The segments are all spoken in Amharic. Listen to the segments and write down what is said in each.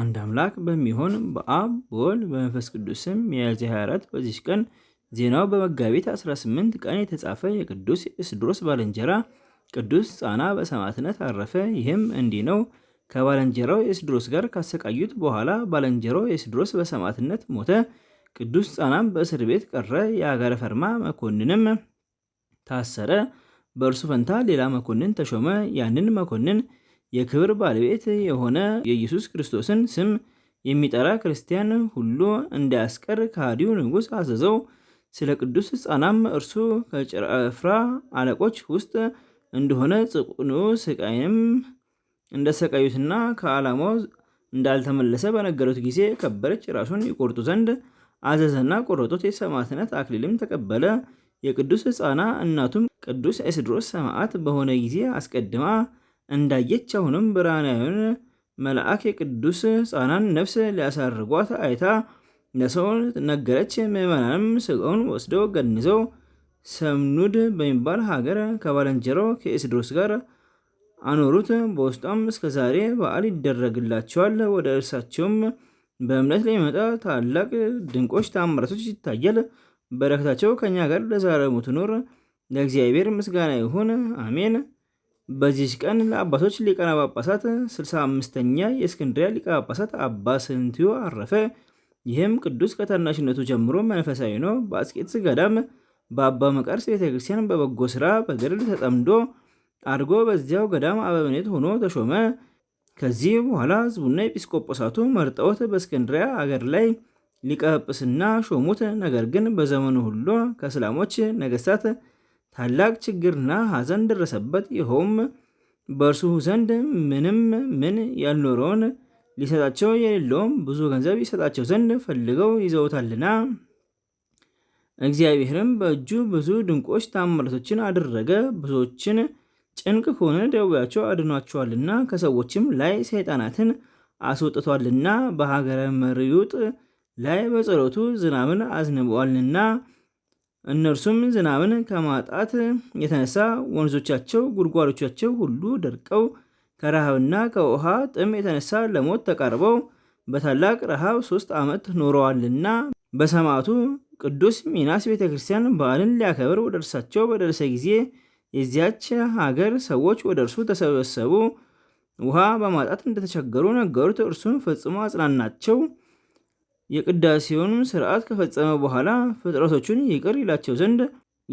አንድ አምላክ በሚሆን በአብ በወልድ በመንፈስ ቅዱስም ሚያዝያ 24 በዚች ቀን ዜናው በመጋቢት 18 ቀን የተጻፈ የቅዱስ እስድሮስ ባለንጀራ ቅዱስ ጻና በሰማዕትነት አረፈ። ይህም እንዲህ ነው። ከባለንጀራው የእስድሮስ ጋር ካሰቃዩት በኋላ ባለንጀራው የእስድሮስ በሰማዕትነት ሞተ። ቅዱስ ጻናም በእስር ቤት ቀረ። የአገረ ፈርማ መኮንንም ታሰረ። በእርሱ ፈንታ ሌላ መኮንን ተሾመ። ያንን መኮንን የክብር ባለቤት የሆነ የኢየሱስ ክርስቶስን ስም የሚጠራ ክርስቲያን ሁሉ እንዳያስቀር ከሃዲው ንጉሥ አዘዘው። ስለ ቅዱስ ሕፃናም እርሱ ከጭፍራ አለቆች ውስጥ እንደሆነ ጽቁኑ ስቃይንም እንደሰቃዩትና ከዓላማው እንዳልተመለሰ በነገሩት ጊዜ ከበረች ራሱን ይቆርጡ ዘንድ አዘዘና ቆረጡት። የሰማዕትነት አክሊልም ተቀበለ። የቅዱስ ሕፃና እናቱም ቅዱስ ኤስድሮስ ሰማዕት በሆነ ጊዜ አስቀድማ እንዳየች አሁንም ብርሃናዊውን መልአክ የቅዱስ ሕፃናን ነፍስ ሊያሳርጓት አይታ ለሰው ነገረች። ምዕመናንም ስጋውን ወስደው ገንዘው ሰምኑድ በሚባል ሀገር ከባለንጀራው ከኤስድሮስ ጋር አኖሩት። በውስጧም እስከ ዛሬ በዓል ይደረግላቸዋል። ወደ እርሳቸውም በእምነት ሊመጣ ታላቅ ድንቆች ተአምራቶች ይታያል። በረከታቸው ከእኛ ጋር ለዛሬ ሙት ለእግዚአብሔር ምስጋና ይሁን፣ አሜን። በዚች ቀን ለአባቶች ሊቃነ ጳጳሳት 65 ኛ የእስክንድሪያ ሊቀ ጳጳሳት አባ ስንትዮ አረፈ። ይህም ቅዱስ ከታናሽነቱ ጀምሮ መንፈሳዊ ነው። በአስቄጥስ ገዳም በአባ መቃርስ ቤተክርስቲያን በበጎ ስራ በገድል ተጠምዶ አድጎ በዚያው ገዳም አበምኔት ሆኖ ተሾመ። ከዚህ በኋላ ህዝቡና ኤጲስቆጶሳቱ መርጠውት በእስክንድሪያ አገር ላይ ሊቀ ጵጵስና ሾሙት። ነገር ግን በዘመኑ ሁሉ ከእስላሞች ነገስታት ታላቅ ችግርና ሐዘን ደረሰበት። ይኸውም በእርሱ ዘንድ ምንም ምን ያልኖረውን ሊሰጣቸው የሌለውም ብዙ ገንዘብ ይሰጣቸው ዘንድ ፈልገው ይዘውታልና። እግዚአብሔርም በእጁ ብዙ ድንቆች ታምራቶችን አደረገ። ብዙዎችን ጭንቅ ከሆነ ደዌያቸው አድኗቸዋልና፣ ከሰዎችም ላይ ሰይጣናትን አስወጥቷልና፣ በሀገረ መርዩጥ ላይ በጸሎቱ ዝናብን አዝንበዋልና እነርሱም ዝናብን ከማጣት የተነሳ ወንዞቻቸው፣ ጉድጓዶቻቸው ሁሉ ደርቀው ከረሃብና ከውሃ ጥም የተነሳ ለሞት ተቃርበው በታላቅ ረሃብ ሶስት ዓመት ኖረዋልና በሰማዕቱ ቅዱስ ሚናስ ቤተ ክርስቲያን በዓልን ሊያከብር ወደ እርሳቸው በደረሰ ጊዜ የዚያች ሀገር ሰዎች ወደ እርሱ ተሰበሰቡ። ውሃ በማጣት እንደተቸገሩ ነገሩት። እርሱም ፈጽሞ አጽናናቸው። የቅዳሴውንም ስርዓት ከፈጸመ በኋላ ፍጥረቶቹን ይቅር ይላቸው ዘንድ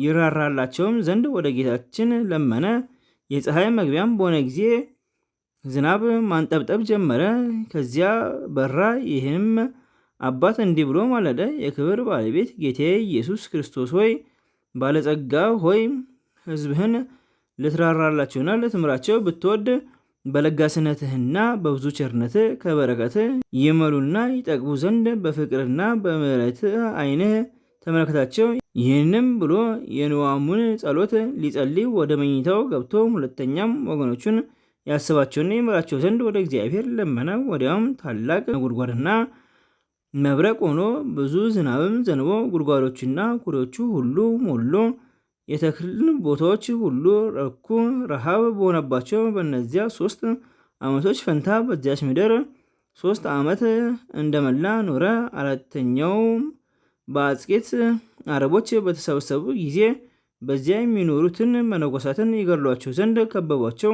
ይራራላቸውም ዘንድ ወደ ጌታችን ለመነ። የፀሐይ መግቢያም በሆነ ጊዜ ዝናብ ማንጠብጠብ ጀመረ። ከዚያ በራ። ይህም አባት እንዲህ ብሎ ማለደ። የክብር ባለቤት ጌቴ ኢየሱስ ክርስቶስ ሆይ ባለጸጋ ሆይ ሕዝብህን ልትራራላቸውና ልትምራቸው ብትወድ በለጋስነትህና በብዙ ቸርነት ከበረከት ይመሉና ይጠግቡ ዘንድ በፍቅርና በምሕረትህ ዓይንህ ተመለከታቸው። ይህንም ብሎ የንዋሙን ጸሎት ሊጸልይ ወደ መኝታው ገብቶ ሁለተኛም ወገኖቹን ያስባቸውና ይመራቸው ዘንድ ወደ እግዚአብሔር ለመነ። ወዲያውም ታላቅ ጉድጓድና መብረቅ ሆኖ ብዙ ዝናብም ዘንቦ ጉድጓዶቹና ኩሬዎቹ ሁሉ ሞሎ። የተክልን ቦታዎች ሁሉ ረኩ። ረሃብ በሆነባቸው በእነዚያ ሶስት ዓመቶች ፈንታ በዚያች ምድር ሶስት ዓመት እንደመላ ኖረ። አራተኛውም በአጽቄት አረቦች በተሰበሰቡ ጊዜ በዚያ የሚኖሩትን መነኮሳትን ይገድሏቸው ዘንድ ከበቧቸው።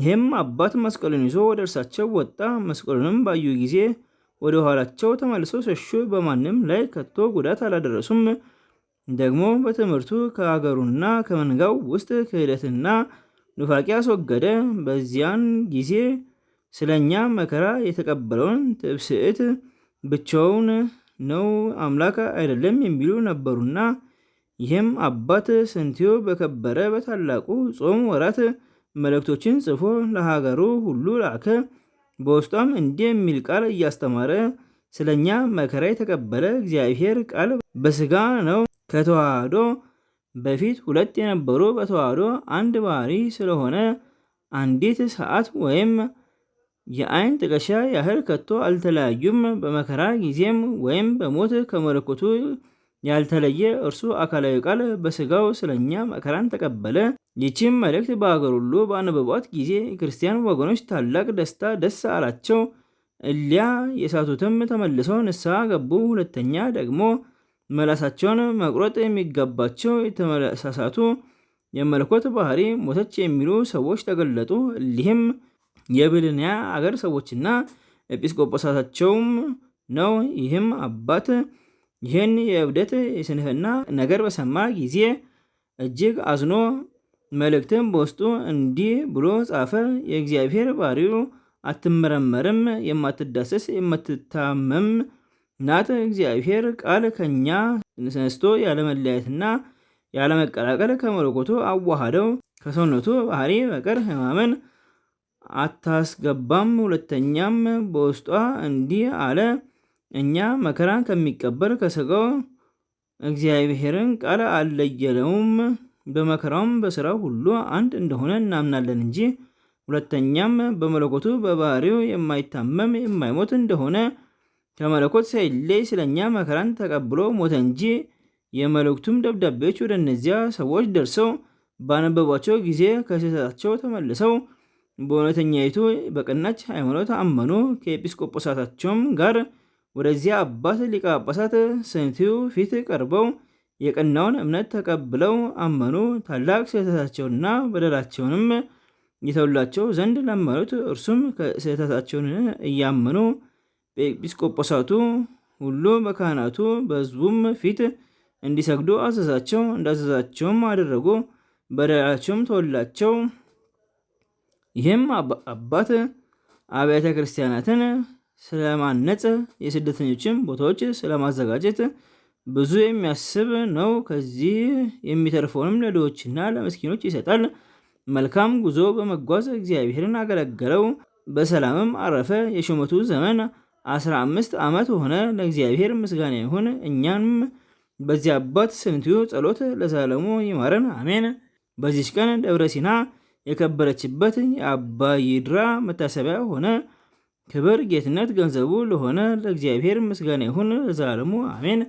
ይህም አባት መስቀሉን ይዞ ወደ እርሳቸው ወጣ። መስቀሉንም ባዩ ጊዜ ወደ ኋላቸው ተመልሰው ሸሹ። በማንም ላይ ከቶ ጉዳት አላደረሱም። ደግሞ በትምህርቱ ከሀገሩና ከመንጋው ውስጥ ክህደትና ኑፋቄ አስወገደ። በዚያን ጊዜ ስለኛ መከራ የተቀበለውን ትብስዕት ብቻውን ነው አምላክ አይደለም የሚሉ ነበሩና ይህም አባት ስንቲዮ በከበረ በታላቁ ጾም ወራት መልእክቶችን ጽፎ ለሀገሩ ሁሉ ላከ። በውስጧም እንዲህ የሚል ቃል እያስተማረ ስለኛ መከራ የተቀበለ እግዚአብሔር ቃል በስጋ ነው። ከተዋህዶ በፊት ሁለት የነበሩ በተዋህዶ አንድ ባህሪ ስለሆነ አንዲት ሰዓት ወይም የአይን ጥቀሻ ያህል ከቶ አልተለያዩም። በመከራ ጊዜም ወይም በሞት ከመለኮቱ ያልተለየ እርሱ አካላዊ ቃል በስጋው ስለኛ መከራን ተቀበለ። ይህችም መልእክት በአገር ሁሉ ባነበቧት ጊዜ የክርስቲያን ወገኖች ታላቅ ደስታ ደስ አላቸው። እሊያ የሳቱትም ተመልሰው ንስሐ ገቡ። ሁለተኛ ደግሞ መላሳቸውን መቁረጥ የሚገባቸው የተመሳሳቱ የመለኮት ባህሪ ሞተች የሚሉ ሰዎች ተገለጡ። ሊህም የብልንያ አገር ሰዎችና ኤጲስቆጶሳታቸውም ነው። ይህም አባት ይህን የእብደት የስንፍና ነገር በሰማ ጊዜ እጅግ አዝኖ መልእክትን በውስጡ እንዲህ ብሎ ጻፈ። የእግዚአብሔር ባህሪው አትመረመርም፣ የማትዳሰስ የማትታመም እናተ እግዚአብሔር ቃል ከኛ ተነስቶ ያለመለየትና ያለመቀላቀል ከመለኮቱ አዋሃደው ከሰውነቱ ባህሪ በቀር ሕማምን አታስገባም። ሁለተኛም በውስጧ እንዲህ አለ፣ እኛ መከራ ከሚቀበል ከሥጋው እግዚአብሔርን ቃል አልለየለውም። በመከራውም በስራው ሁሉ አንድ እንደሆነ እናምናለን እንጂ። ሁለተኛም በመለኮቱ በባህሪው የማይታመም የማይሞት እንደሆነ ከመለኮት ሳይለይ ስለኛ መከራን ተቀብሎ ሞተ እንጂ። የመልእክቱም ደብዳቤዎች ወደ እነዚያ ሰዎች ደርሰው ባነበቧቸው ጊዜ ከስህተታቸው ተመልሰው በእውነተኛይቱ በቀናች ሃይማኖት አመኑ። ከኤጲስቆጶሳታቸውም ጋር ወደዚያ አባት ሊቀ ጳጳሳት ስንቲው ፊት ቀርበው የቀናውን እምነት ተቀብለው አመኑ። ታላቅ ስህተታቸውና በደላቸውንም ይተውላቸው ዘንድ ለመኑት። እርሱም ስህተታቸውን እያመኑ በኤጲስቆጶሳቱ ሁሉ በካህናቱ በሕዝቡም ፊት እንዲሰግዱ አዘዛቸው። እንዳዘዛቸውም አደረጉ፣ በደላቸውም ተወላቸው። ይህም አባት አብያተ ክርስቲያናትን ስለማነጽ የስደተኞችን ቦታዎች ስለማዘጋጀት ብዙ የሚያስብ ነው። ከዚህ የሚተርፈውንም ለድሆችና ለምስኪኖች ይሰጣል። መልካም ጉዞ በመጓዝ እግዚአብሔርን አገለገለው፣ በሰላምም አረፈ። የሹመቱ ዘመን አስራ አምስት ዓመት ሆነ። ለእግዚአብሔር ምስጋና ይሁን። እኛንም በዚህ አባት ስንትዩ ጸሎት ለዘላለሙ ይማረን አሜን። በዚች ቀን ደብረ ሲና የከበረችበት የአባ ይድራ መታሰቢያ ሆነ። ክብር ጌትነት ገንዘቡ ለሆነ ለእግዚአብሔር ምስጋና ይሁን ለዘላለሙ አሜን።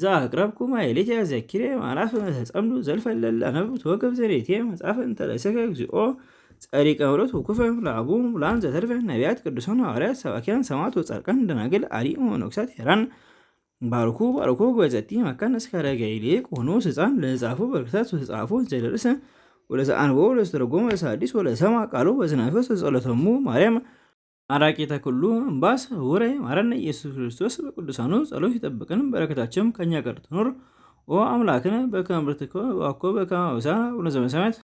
ዛ አቅረብኩ ማይሌት ያዘኪሬ ማላፍ ተጸምዱ ዘልፈለላ ነብ ተወገብ ዘሬቴ መጽሐፍ እንተለሰከ እግዚኦ ጸሪቀ ሁለት ውኩፈ ለአቡ ላን ዘተርፈ ነቢያት ቅዱሳን ሐዋርያት ሰባኪያን ሰማዕት ወጻድቃን ደናግል አሊ ሞኖክሳት ሄራን ባርኩ ባርኮ በዘቲ መካን እስከ ረጋይሌቅ ቆኖ ስፃን ለህፃፉ በርክታት ህፃፉ ዘደርሰ ወለሰአንቦ ወለስተረጎመ ወለሰአዲስ ወለሰማ ቃሉ በዝናፈስ ስጸለተሙ ማርያም አራቂ ኩሉ እምባስ ውረ ማረነ ኢየሱስ ክርስቶስ በቅዱሳኑ ጸሎት ይጠብቅን። በረከታቸውም ከኛ ጋር ትኖር ኦ አምላክን በከምርትከ ዋኮ በከማውሳነ ወነዘበሰማያት